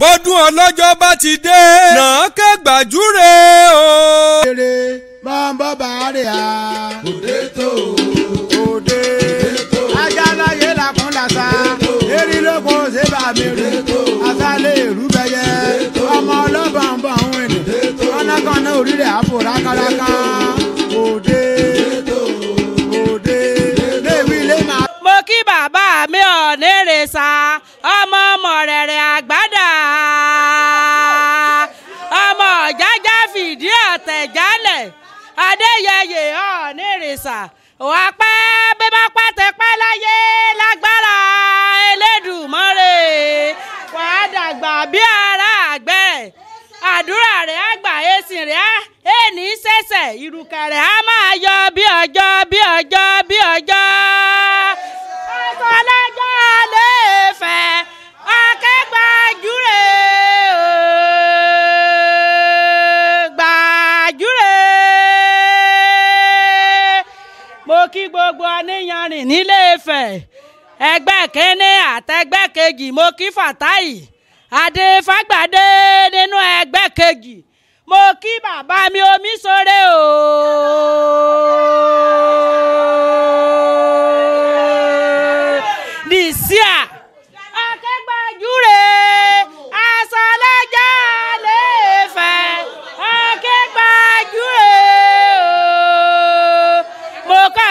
bọ́dún ọlọ́jọ́ bá ti dé náà ké gbàjúre o. èrè máa ń bọ́ bàárẹ̀ à. òde tó òde tó ajá láyé làkún làṣà erin ló kó ṣe bá mi rè àṣàlẹ̀ èrú bẹ̀yẹ ọmọ ọlọ́bàá ń bọ̀ àwọn ènìyàn ọ̀nà kan náà orí rẹ̀ àpò rákàràkà. adéyẹyẹ ọ̀ọ́nì ìrìnsà wà pẹ́ bí bá pẹ́ tẹ pẹ́ láyé lágbára Elédùmarè wà á dàgbà bí ara àgbẹ̀ àdúrà rẹ̀ àgbà èsì rẹ̀ èèní ṣẹ̀ṣẹ̀ ìrùkà rẹ̀ á máa yọ bí ọjọ́ bí ọjọ́. mo kí gbogbo aníyanrìn nílé Ifẹ̀ ẹgbẹ́ kínní àtẹgbẹ́ kejì mo kí Fatai Adéfágbádé nínú ẹgbẹ́ kejì mo kí bàbá mi Omíṣọ̀rẹ́ o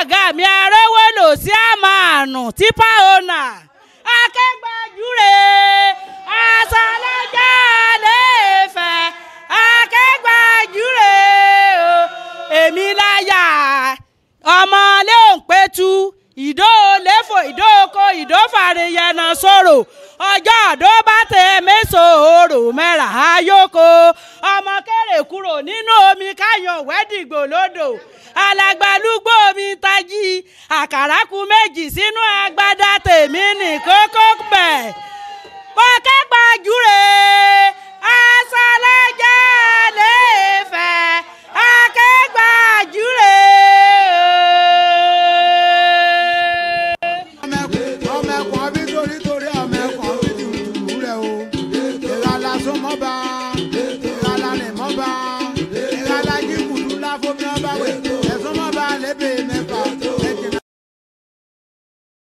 ọ̀gá mi arẹ́wẹ́lò sí àmàánù tipa ọ̀nà akẹ́gbàjúre aṣàlẹ́jà lè fẹ́ akẹ́gbàjúre o èmi láyà ọmọ léòpẹ́tù ìdóòléfò ìdóòkò ìdófàrẹ̀yẹnà sọ̀rọ̀ ọjọ́ àdóbàtẹ̀ mẹ́sàn-án òòrùn mẹ́ra ayóko ọmọ kéré kúrò nínú omi káyọ̀ wẹ́dìgbò lódò alàgbàlúgbò mi tají àkàràkù méjì sínú agbádá tèmi ní kókó pẹ̀ mo kẹ́pàá júre asálẹ́jà lè fẹ́ akẹ́gbàá júre. Wait.